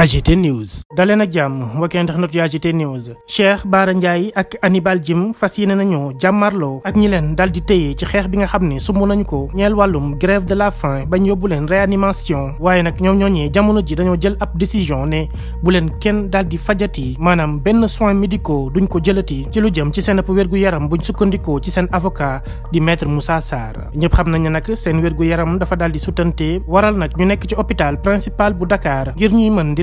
AGT News dalee nag jàmm mbokki internet yu AGT News Cheikh Bara ak Hannibal Djim fas yéene nañoo jàmmarloo ak ñi leen dal di téye ci xeex bi nga xam ne sumb nañu ko ñeel wàllum grève de la faim bañ yóbbu leen réanimation waaye nag ñoom ñooñee jamono ji dañoo jël ab décision ne bu leen kenn daal di fajati maanaam benn soins médicaux duñ ko jëlati ci lu jëm ci seen wér-gu-yaram buñ sukkandikoo ci seen avocat di maître Moussa Sarr ñëpp xam nañ ne nag seen wér yaram dafa daal di sutante waral nag ñu nekk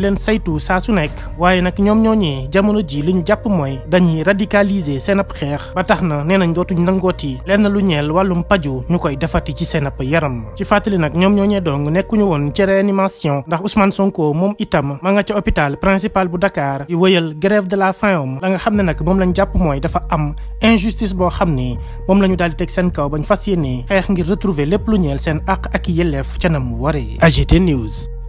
leen saytu saa su nekk waaye nag ñoom ñooñee jamono ji li ñu jàpp mooy dañuy radicaliser seen ab xeex ba tax na nee nañ dootuñ nangooti lenn lu ñeel wàllum paju ñu koy defati ci seen ab yaram ci fàttali nag ñoom ñooñee dong ñu woon ci réanimation ndax Ousmane Sonko moom itam ma nga ca hôpital principal bu Dakar di wëyal grève de la faim am la nga xam ne nag moom lañu jàpp mooy dafa am injustice boo xam ne moom la ñu daal di teg seen kaw bañ fas yéenee xeex ngir retrouver lépp lu ñeel seen àq ak yelleef ca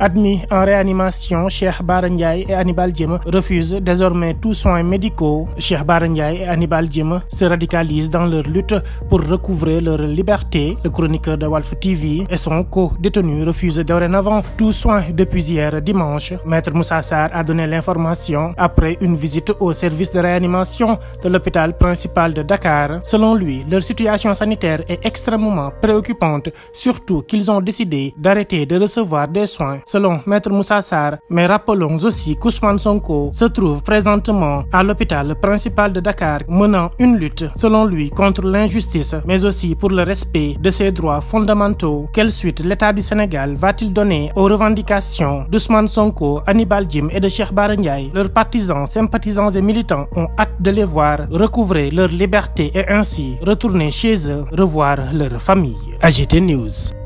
Admis en réanimation, Cheikh Bara Ndiaye et Hannibal Djim refusent désormais tous soins médicaux. Cheikh Bara Ndiaye et Hannibal Djim se radicalisent dans leur lutte pour recouvrer leur liberté. Le chroniqueur de Walf TV et son co-détenu refusent dorénavant tout soin depuis hier dimanche. Maître Moussa Sarr a donné l'information après une visite au service de réanimation de l'hôpital principal de Dakar. Selon lui, leur situation sanitaire est extrêmement préoccupante, surtout qu'ils ont décidé d'arrêter de recevoir des soins selon Maître Moussa Sarr, mais rappelons aussi qu'Ousmane Sonko se trouve présentement à l'hôpital principal de Dakar, menant une lutte, selon lui, contre l'injustice, mais aussi pour le respect de ses droits fondamentaux. Quelle suite l'État du Sénégal va-t-il donner aux revendications d'Ousmane Sonko, Hannibal Djim et de Cheikh Bara Ndiaye? Leurs partisans, sympathisants et militants ont hâte de les voir recouvrer leur liberté et ainsi retourner chez eux, revoir leur famille. AGT News.